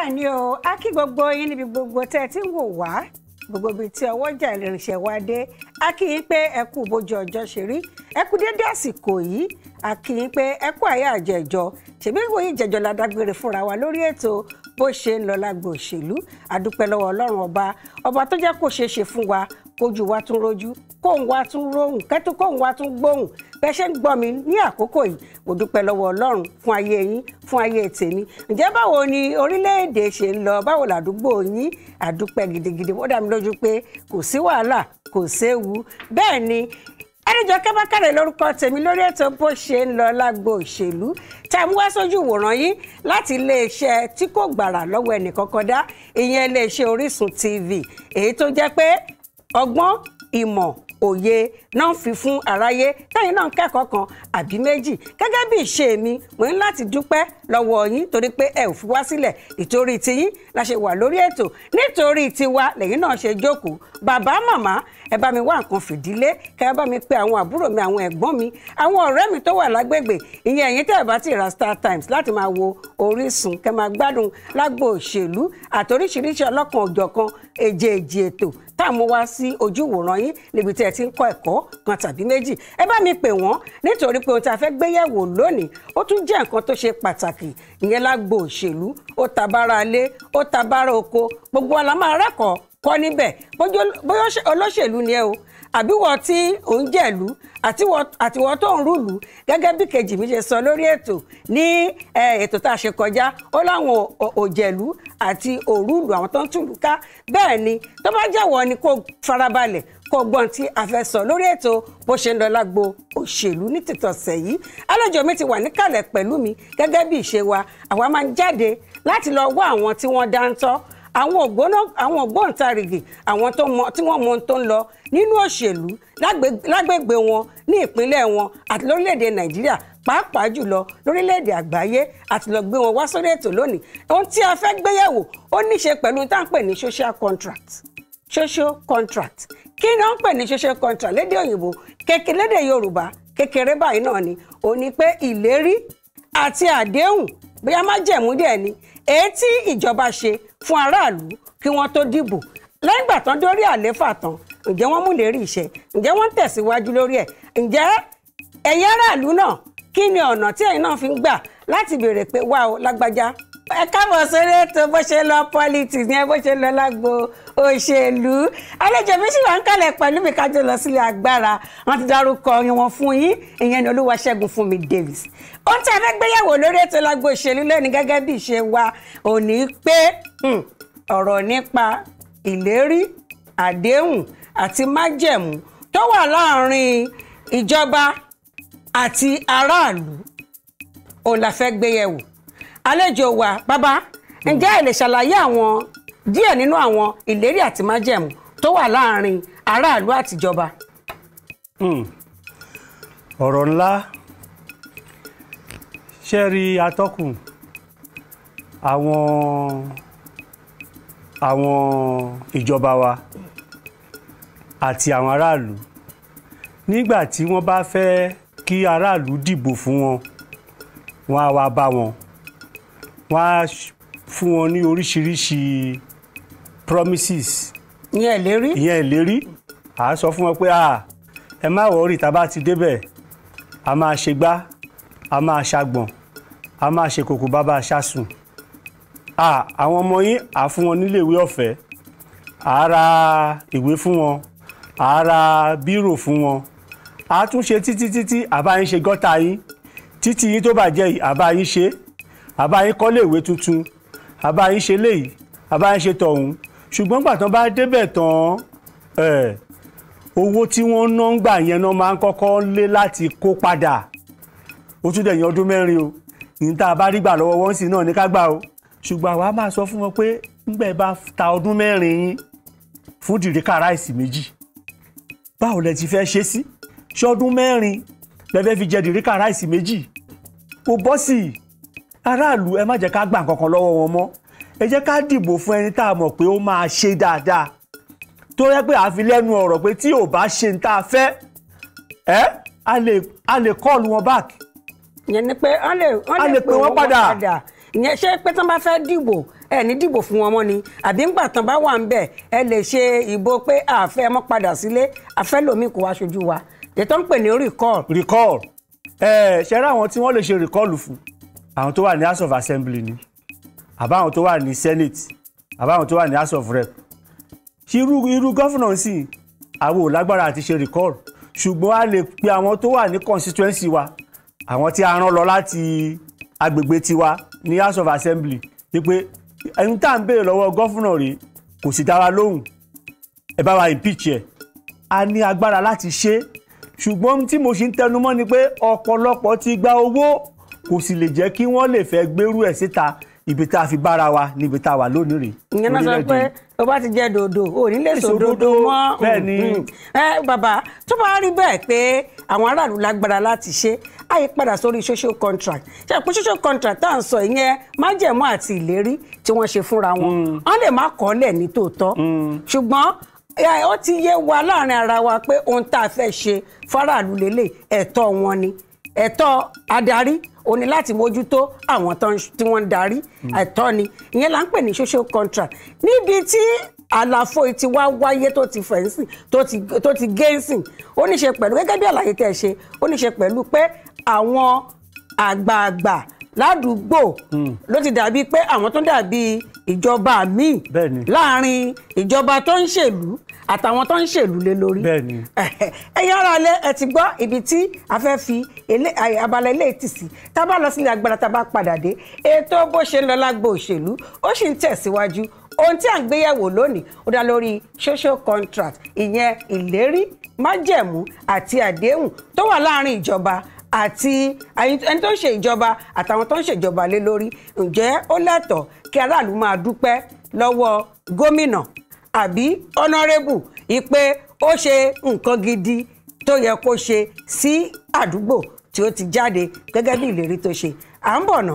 bẹ́ẹ̀ ni o a kí gbogbo yín níbi gbogbo tẹ́ ẹ ti ń wò wá gbogbo ibi tí ọwọ́ ìjà ìrìnsẹ̀ wa dé a kí yín pé ẹ kú bójú ọjọ́ ṣe rí ẹ kú dédé àsìkò yìí a kí yín pé ẹ kú àyà àjẹjọ ṣèbí ìwòye ìjẹjọ la fúnra wa lórí ètò bó ṣe ń lọ lágbo òṣèlú a dúpẹ́ lọ́wọ́ ọlọ́run ọba ọba tó jẹ́ kó ṣeé fún wa kójú wa tún rojú kóun wa tún róhùn kẹ́tù kóun wa tún gbóhùn bẹ́ẹ̀ ṣe ń gbọ́ mi ní àkókò yìí mo dúpẹ́ lọ́wọ́ ọlọ́run fún ayé yín fún ayé tèmi ǹjẹ́ báwo ni orílẹ̀ ṣe ń lọ báwo làdúgbò yín àdúpẹ́ gidigidi ó dá mi lójú pé kò sí wàhálà kò séwu bẹ́ẹ̀ ni Ẹnìjọkẹ́ Bákàrẹ̀ lórúkọ tèmi lórí ètò bó ṣe ń lọ lágbo òṣèlú tá a mú wá sójú ìwòran yín láti iléeṣẹ́ tí kò gbàrà lọ́wọ́ ẹnìkan kọdá ìyẹn iléeṣẹ́ Orísun TV èyí tó jẹ́ pé ọgbọ́n ìmọ̀ òye náà fi fún aráyé tẹ́yìn náà kẹ́kọ̀ọ́ kan àbí méjì gẹ́gẹ́ bí ìṣe mi mo ní láti dúpẹ́ lọ́wọ́ yín torí pé ẹ ò fi wá sílẹ̀ ìtorí tiyín la ṣe wà lórí ètò nítorí tiwa lẹ́yìn náà ṣe jókòó bàbá màmá ẹ bá mi wá nǹkan fìdílé kẹ ẹ bá mi pe àwọn àbúrò mi àwọn ẹ̀gbọ́n mi àwọn ọ̀rẹ́ mi tó wà lágbègbè ìyẹn ẹ̀yin tẹ́ ẹ bá ti ra Star Times láti máa wo Orísun kẹ máa gbádùn lágbo òṣèlú àtoríṣiríṣi ọlọ́kan òjọ̀kan èjèèjì ètò tá a mú wá sí ojú ìwòran yín níbi tí ẹ ti ń kọ́ ẹ̀kọ́ kan tàbí méjì ẹ bá mi pè wọ́n nítorí pé ohun tá a fẹ́ gbé yẹ̀wò lónìí ó tún jẹ́ nǹkan tó ṣe pàtàkì ìyẹn lágbo òṣèlú ó ta bára alé ó ta bára oko gbogbo wa la máa rẹ́kọ̀ọ́ bóyá olóṣèlú ni ẹ o àbíwọ tí ò ń jẹ̀lú àtiwọ tó ń rúlù gẹ́gẹ́ bí kejì mi ṣe sọ lórí ètò ní ètò tá a ṣe kọjá ó láwọn òjẹ̀lú àti òrùlù àwọn tó ń túlù ká bẹ́ẹ̀ ni tó bá jẹ́wọ́ ni kó farabalẹ̀ kó gbọ́n tí a fẹ́ sọ lórí ètò bó ṣe ń lọ lágbo òṣèlú ní tìtọ̀sẹ̀ yìí àlejò mi ti wà níkàlẹ̀ pẹ̀lú mi gẹ́gẹ́ bí ìṣe wa àwa máa ń jáde láti lọ wá àwọn tí wọ́n dáńtọ́ àwọn ògbóná àwọn ògbóǹtarìgì àwọn tó mọ tí wọ́n mọ tó ń lọ nínú òṣèlú lágbègbè wọn ní ìpínlẹ̀ wọn àti lórílẹ̀‐èdè nàìjíríà pàápàá jùlọ lórílẹ̀‐èdè àgbáyé àti lọ gbé wọn wá sórí ètò lónìí ohun tí a fẹ́ gbéyẹ̀wò ó ní ṣe pẹ̀lú tá à ń pè ní social contract social contract kí ni wọ́n ń pè ní social contract lédè òyìnbó kékeré lédè yorùbá kékeré báyìí náà ni òun ni pé ìlérí àti àdéhùn bóyá májẹ̀mú díẹ̀ ni èyí tí ìjọba ṣe fún aráàlú kí wọ́n tó dìbò lẹ́yìn ìgbà tán dórí àléfà tán ǹjẹ́ wọ́n mú lérí iṣẹ́ ǹjẹ́ wọ́n ń tẹ̀síwájú lórí ẹ̀ ǹjẹ́ ẹ̀yin aráàlú náà kí ni ọ̀nà tí ẹ̀yin náà fi ń gbà láti béèrè pé wà ó lágbájá ẹ káàbọ̀ sórí ètò bó ṣe lọ politics yẹn bó ṣe lọ lágbo òṣèlú àlejò mi sì wà ń kalẹ̀ pẹ̀lú mi kájọ lọ sílé agbára wọn ti dárúkọ wọn fún yín ìyẹn ni Olúwaṣẹ́gun Fúnmi Davis ohun tí a fẹ́ gbéyàwó lórí ètò lágbo òṣèlú lónìí gẹ́gẹ́ bí ìṣe wa ò ní pé hmm, ọ̀rọ̀ nípa ìlérí àdéhùn àti májẹ̀mú tó wà láàrin ìjọba àti aráàlú òun la fẹ́ gbé yẹ̀wò àlejò wa bàbá ǹjẹ́ ẹ lè ṣàlàyé àwọn díẹ̀ nínú àwọn ìlérí àti májẹ̀mú tó wà láàrin aráàlú àtijọba. Hmm. ọ̀rọ̀ ńlá ṣe rí atọ́kùn àwọn àwọn ìjọba wa àti àwọn aráàlú nígbà tí wọ́n bá fẹ́ kí aráàlú dìbò fún wọn wọ́n á wá bá wọn wọ́n á fún wọn ní oríṣiríṣi promises. ìyẹn ìlérí. ìyẹn ìlérí à á sọ fún wọn pé ẹ má wọrí tá a bá ti débẹ̀ a máa ṣe gbá a máa ṣàgbọ̀n a máa ṣe kòkò bàbá aṣáṣùn àwọn ọmọ yín à fún wọn níléèwé ọ̀fẹ́ à ra ìwé fún wọn à ra bírò fún wọn a tún ṣe títí títí àbá ṣe gọ́tà yín títí yín tó bàjẹ́ yìí àbá yín ṣe àbá yín kọ́lé ìwé tuntun àbá yín ṣe léyìí àbá yín ṣe tọ̀hún ṣùgbọ́n gbà tán bá débẹ̀ tán owó tí wọ́n ná ń gbà yẹn náà máa ń kọ́kọ́ lé láti kó padà ó tún dẹ̀yìn ọdún mẹ́rin o ní tá a bá rí gbà lọ́wọ́ wọn sì náà ní ká gbà o ṣùgbọ́n àwa máa sọ fún wọn pé ńgbà bá ta ọdún mẹ́rin yín fún dìríkà ráìsì méjì báwo lẹ ti fẹ́ ṣe sí ṣọdún mẹ́rin lẹ fẹ́ fi jẹ dìríkà ráìsì méjì tó bọ́ sí i aráàlú ẹ má jẹ́ ká gbà kankan lọ́wọ́ wọn mọ́ ẹ jẹ́ ká dìbò fún ẹni tá a mọ̀ pé ó máa ṣe dáadáa tó yẹ pé àfi lẹ́nu ọ̀rọ̀ pé tí ò bá ṣe ń tá a fẹ́ ẹ́ a lè kọ́ọ̀lù wọn back. ìyẹn ni pé a lè pè wọ́n padà ìyẹn ṣé pé tán bá fẹ́ dìbò ẹ ní dìbò fún wọn mọ́ ni àbí ńgbà tán bá wà ń bẹ̀ ẹ lè ṣe ìbò pé àfẹ́ mọ́ padà sílé àfẹ́ lòmíì kò wá ṣojú wa ètò ń pè ní recall. recall ṣe rá àwọn tí wọ́n lè ṣe rìkọ́ọ̀lù fún àwọn tó wà ní house of assembly ni àbá àwọn tó wà ní senate àbá àwọn tó wà ní house of rep irú irú gọ́fúnà sì àwọn ò lágbára àti ṣe rìkọ́ọ̀lù ṣùgbọ́n a lè pe àwọn tó wà ní constituency wa àwọn tí a rán lọ láti agbègbè tiwa ní house of assembly wípé ẹni tá à ń béèrè lọ́wọ́ gọ́fúnà rèé kò sì dá wa lóhùn ẹ bá wa impeach ẹ a ní agbára láti ṣe é ṣùgbọ́n tí mo ṣe ń tẹnumọ́ ni pé ọ̀pọ̀lọpọ̀ ti gba owó kò sì lè jẹ́ kí wọ́n lè fẹ́ gbérú ẹ̀ síta ibi tá a fi bára wa níbi tá a wà lónìí rè. ìyẹn náà sọ pé o bá ti jẹ dòdò o ní lè sọ dòdò mọ́. Mm, mm. ẹ bàbá tó bá rí bẹ́ẹ̀ pé àwọn aráàlú lágbára láti ṣe àyè padà sórí social contract ṣe pé social contract tá à ń sọ ìyẹn májẹ̀mú àti ìlérí tí wọ́n ṣe fúnra wọn mm. wọ́n lè má kọ́ lẹ̀ ní tòótọ́ ṣùgbọ́n ó ti yé wa láàrin ara wa pé ohun tá a fẹ́ ṣe faraàlú lélẹ̀ ẹ̀tọ́ wọn ni ẹ̀tọ́ adarí o ní láti mójútó àwọn tí wọ́n ń darí hmm. ẹ̀tọ́ ni ìyẹn là ń pè ní social contract níbi tí àlàfo ti wá wáyé tó ti fẹ̀ǹsìn tó ti gẹ́ǹsìn ó ní ṣe pẹ̀lú gẹ́gẹ́ bí àlàyé tẹ̀ ṣe ó ní ṣe pẹ̀lú pé àwọn àgbààgbà ládùúgbò hmm. ló ti dàbí pé àwọn tó dàbí ìjọba mi, láàrin ìjọba tó ń ṣèlú àtàwọn tó ń ṣèlú lé lórí ẹ̀yin ará ilé ẹ ti gbọ́ ibi tí a fẹ́ fi abala ilé tì sí tá a bá lọ sílé agbára tá a bá padà dé ètò bó ṣe ń lọ lágbo òṣèlú ó sì ń tẹ̀síwájú ohun tí à ń gbéyẹ̀wò lónìí ó dá lórí social contract ìyẹn ìlérí májẹ̀mú àti àdéhùn tó wà láàrin ìjọba àti ẹni tó ń ṣe ìjọba àtàwọn tó ń ṣèjọba lé lórí ǹjẹ́ ó lẹ́tọ̀ọ́ kí aráàlú máa dúpẹ́ lọ́wọ́ gómìnà àbí ọ̀nàrẹ́bù ìpè ó ṣe nǹkan gidi tó yẹ kó ṣe sí àdúgbò tí ó ti jáde gẹ́gẹ́ bí ìlérí tó ṣe à ń bọ̀ ná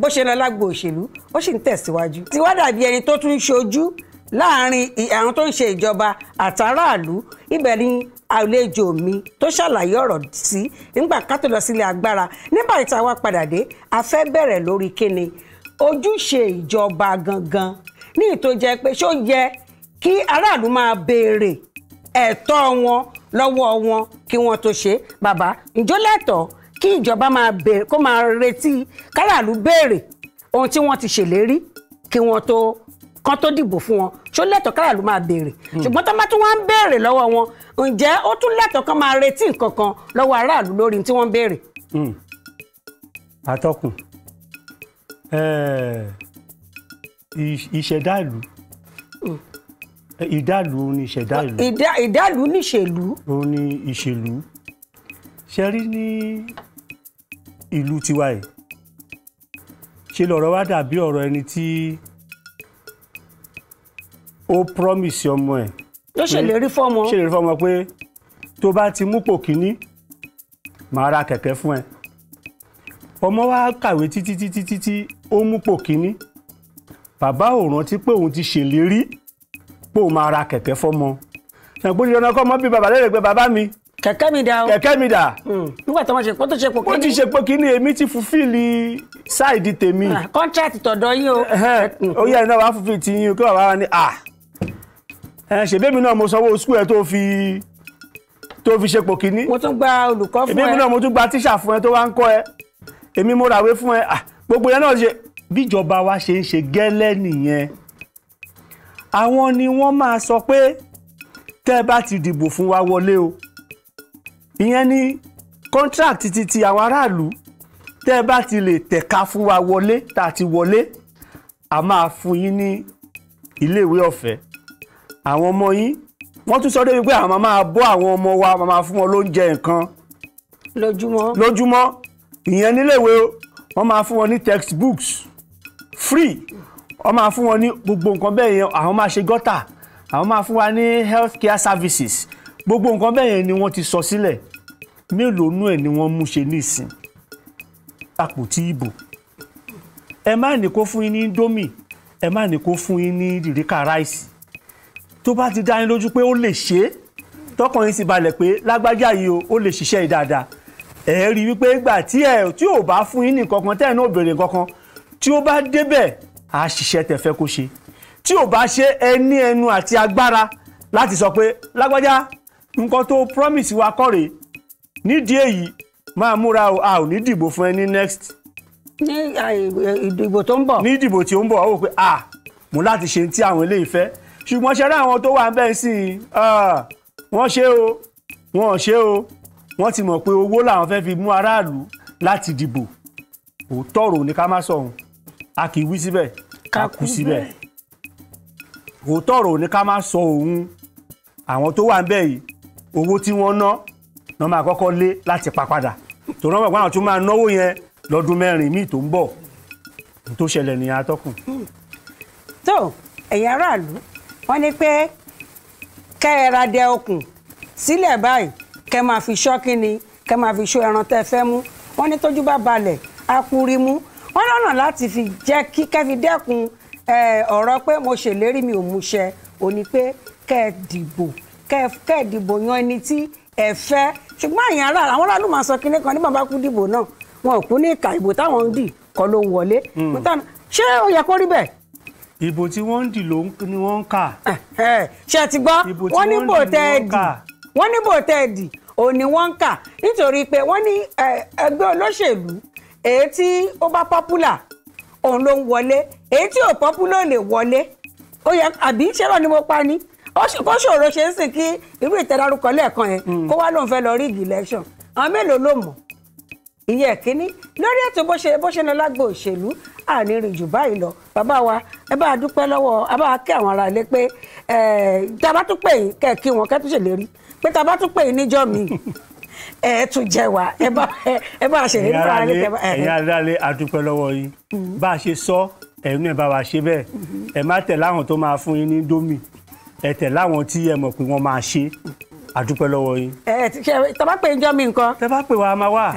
bó ṣe lọ lágbo òṣèlú ó sì ń tẹ̀síwájú. ti wá dàbí ẹni tó tún ṣojú láàrin àwọn tó ń ṣe ìjọba àtàráàlú ibẹ̀ ni àlejò mi tó ṣàlàyé ọ̀rọ̀ sí nígbà ká tó lọ sílé agbára nígbà ìta wa padà dé a fẹ́ bẹ̀rẹ̀ lórí kíni ojúṣe ìjọba gangan ní ìtò jẹ́ pé ṣó yẹ kí aráàlú máa béèrè ẹ̀tọ́ wọn lọ́wọ́ wọn kí wọ́n tó ṣe bàbá ǹjọ́ lẹ́tọ̀ọ́ kí ìjọba máa béèrè kó máa retí káràlú béèrè ohun tí wọ́n ti ṣèlérí kí wọ́n tó kán tó dìbò fún wọn ṣó lẹ́tọ̀ọ́ kára ló máa béèrè hmm. ṣùgbọ́n tó bá tún wá ń béèrè lọ́wọ́ wọn ǹjẹ́ ó tún lẹ́tọ̀ọ́ kán máa retí nǹkan kan lọ́wọ́ aráàlú lórí tí wọ́n béèrè. Hmm. atọ́kùn ìṣẹ̀dá hmm. ìdálù ni ìṣẹ̀dá ìlú. ìdálù ni ìṣèlú. òun ni ìṣèlú ṣe rí ní ìlú tiwa yìí ṣe lọ̀rọ̀ wá dàbí ọ̀rọ̀ ẹni tí. Tí ó promise ọmọ ẹ̀. tó ṣèlérí fọmọ. ṣèlérí fọmọ pé tó bá ti mú pò kínní màá ra kẹ̀kẹ́ fún ẹ. ọmọ wa kàwé títí títí títí ó mú pò kínní bàbá ò rántí pé òun ti ṣèlérí pé òun máa ra kẹ̀kẹ́ fọmọ. ṣàǹgbóni dandan kọ́ ọmọ bíi bàbá lérè pé bàbá mi kẹ̀kẹ́ mi dà o kẹ̀kẹ́ mi dà. Hmm. nígbà tó ma ṣe pọ́n tó ṣe pò kíní. ó ti ṣe pò kíní èmi ti fúfìlì sáìdì tèmi. kọ́ńtrátì ah, tọ̀dọ̀ yín o. Hmm. ó yẹ ẹ̀ náà wàá fúfìlì ti yín o kí bàbá wa ní à ah, ẹ ṣèbémi náà mo sanwó skul ẹ tó fi tó fi ṣepò kínní. mo tún gba olùkọ́ fún ẹ èmi náà mo tún gba tíṣà fún ẹ tó wá ń kọ́ ẹ èmi mo ràwé fún ẹ ah, gbogbo yẹn náà ṣe bíjọba wa ṣe ń ṣe gẹ́lẹ́ nìyẹn àwọn ni wọ́n máa sọ pé tẹ́ ẹ bá ti dìbò fún wa wọlé o ìyẹn ni contract ti ti àwọn aráàlú tẹ́ ẹ bá ti lè tẹ̀ka fún wa wọlé tá a ti wọlé a máa fún yín ní iléèwé ọ̀fẹ́ àwọn ọmọ yín wọ́n tún sọ débi pé àwọn máa bọ́ àwọn ọmọ wa máa fún wọn lóúnjẹ nǹkan. lójúmọ́ lójúmọ́ ìyẹn níléèwé o wọ́n máa fún wọn ní textbooks free wọ́n máa fún wọn ní gbogbo nǹkan bẹ́ẹ̀ yẹn àwọn máa ṣe gọ́tà àwọn máa fún wa ní health care services gbogbo nǹkan bẹ́ẹ̀ yẹn ni wọ́n ti sọ sílẹ̀ mélòó nú ẹ̀ ni wọ́n mú ṣe ní ìsìn àpótí ìbò ẹ má ní kó fún yín ní indomie ẹ má ní kó fún yín ní ìdìríkà ráìsì tó bá ti dá yín lójú pé ó lè ṣe é tọkàn yín sì balẹ̀ pé lágbájá yìí o ó lè ṣiṣẹ́ yìí dáadáa ẹ rí i wípé ìgbà tí ẹ tí ò bá fún yín nìkan tẹ́ ẹ̀ náà béèrè nǹkan tí ó bá débẹ̀ á ṣiṣẹ́ tẹ́ kó ṣe tí ò bá ṣe ẹ ẹnu àti agbára láti sọ pé lágbájá nǹkan tó promise wa kọ́rè nídìí èyí máa múra o a ò ní dìbò fún ẹ ní next. ní ìdìbò tó ń bọ̀. ní ìdìbò tí ó ń bọ̀ ó wò pé a mú láti ṣe ti àwọn eléyìí fẹ́ ṣùgbọ́n ṣe rá àwọn tó wà ń bẹ́ẹ̀ sí i ah, wọ́n ṣe o wọ́n ṣe o wọ́n ti mọ̀ pé owó làwọn fẹ́ fi mú aráàlú láti dìbò òótọ́ ọ̀rọ̀ ni ká má sọ òun a kì í wí síbẹ̀ ká kú síbẹ̀ òótọ́ ọ̀rọ̀ ni ká má sọ òun àwọn tó wà ń bẹ́ẹ̀ yìí owó tí wọ́n ná náà máa kọ́kọ́ lé láti pa padà tó náà wọ̀gbọ́n àwọn máa náwó yẹn lọ́dún mẹ́rin míì tó ń bọ̀ tó ṣẹlẹ̀ nìyẹn atọ́kùn. tó ẹ̀yin aráàlú wọ́n ní pé kẹ́ ẹ ra dẹ okùn sílẹ̀ báyìí kẹ́ máa fi ṣọ́ kínni kẹ́ máa fi ṣọ́ ẹran tẹ́ fẹ́ mú wọ́n ní tójú bá balẹ̀ á kú rí mú wọ́n lọ́nà láti fi jẹ́ kí kẹ́ fi dẹ́kun ọ̀rọ̀ pé mo ṣèlérí mi ò mú ṣẹ ò ní pé kẹ́ ẹ dìbò kẹ́ ẹ dìbò yan ẹni tí ẹ fẹ́ ṣùgbọ́n àyàn ara àwọn aráàlú máa sọ kinní kan ní bàbá kú dìbò náà wọn ò kú ní ìka ìbò táwọn ń dì kọ́ ló ń wọlé hmm. ṣé ó yẹ kó rí bẹ́ẹ̀ ìbò tí wọ́n ń dì ló ni wọ́n ń kà. ṣe ti gbọ́ wọ́n ní bò tẹ́ ẹ dì wọ́n ní bò tẹ́ ẹ dì òun ni wọ́n ń kà nítorí pé wọ́n ní ẹgbẹ́ olóṣèlú èyí tí ó bá pọ́pùlà òun ló ń wọlé èyí tí ò pọ́pùlà ò lè wọlé ó yẹ àbí ṣẹ́rọ̀ ni mo pa ni kó ṣòro ṣe é sìn kí irú ìtẹ́dárúkọ lẹ́ẹ̀kan yẹn hmm. kó wá lóun fẹ́ lọ rí ìgì election àwọn mélòó ló mọ̀ ìyẹn kínní lórí ètò bó ṣe bó ṣe ní lágbo òṣèlú àní rìn jù báyìí lọ bàbá wa ẹ bá a dúpẹ́ lọ́wọ́ a bá a kí àwọn ará ilé pé tá a bá tún pè yín kẹ́ ẹ̀ kí wọn kẹ́ tún ṣèlérí pé tá a bá tún pè yín níjọ́ mi ẹ tún jẹ wá ẹ bá ẹ bá ṣe nípa ara lẹkẹ bá. ẹ̀yin aráalé a dúpẹ́ lọ́wọ́ yín mm-hmm. bá a ṣe sọ ẹ̀yin náà bá wa ṣe bẹ́ẹ̀ mm-hmm. ẹ má tẹ̀ láwọn tó máa fún yín ní dómì ẹ tẹ̀ láwọn tí ẹ mọ̀ pé wọ́n máa ṣe a dúpẹ́ yín. ẹ tẹ bá pè ń jọ mi nǹkan. tẹ bá pè wá máa wà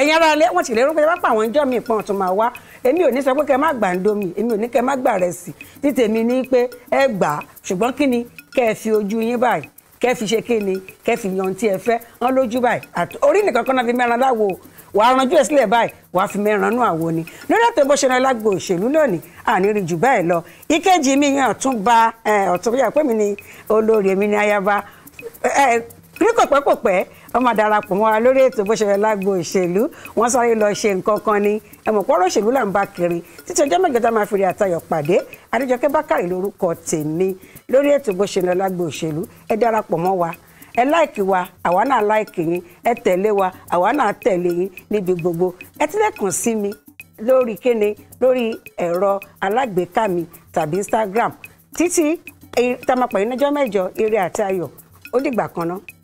ẹ̀yin ara ilé wọ́n ti lérò pé pápá àwọn ìjọ mi ìpọ́n tó máa wá èmi ò ní sọ pé kẹ́ má gbà ń domi èmi ò ní kẹ́ má gbà rẹ̀ sí tí tèmi ní pé ẹ gbà á ṣùgbọ́n kí ni kẹ́ ẹ fi ojú yín báyìí kẹ́ ẹ fi ṣe kí ni kẹ́ ẹ fi yan tí ẹ fẹ́ wọ́n lójú báyìí orí nìkan kan náà fi mẹ́ran láwo wà á ranjú ẹ sílẹ̀ báyìí wà á fi mẹ́ran nú àwo ni lórí ètò bó ṣe rán lágbo òṣèlú lónìí àníri jù bẹ́ẹ̀ lọ ìkejì mi yan ọ̀tún ba ọ̀tún bíyà pé mi ni olórí èmi ni ayaba kíríkọ̀pẹ́kọ̀pẹ́ wọ́n máa darapọ̀ mọ́ wa lórí ètò bó ṣe rẹ̀ lágbo òṣèlú wọ́n sáré lọ ṣe nǹkan kan ni ẹ̀mọ̀ pọ́rọ̀ òṣèlú là ń bá kiri títí ọjọ́ mẹ́gẹ́ta máa fi rí àtayọ̀ pàdé Adéjọkẹ́ Bákàrè lórúkọ tèmi lórí ètò bó ṣe rẹ̀ lágbo òṣèlú ẹ darapọ̀ mọ́ wa ẹ láìkì wa àwa náà láìkì yín ẹ tẹ̀lé wa àwa náà tẹ̀lé yín níbi gbogbo ẹ tilẹ̀ kàn sí mi lórí kíni lórí ẹ̀rọ alágbèéká mi tàbí Instagram títí eh, tá a máa pàdé lọ́jọ́ mẹ́jọ ire àtayọ̀ ó dìgbà kan náà.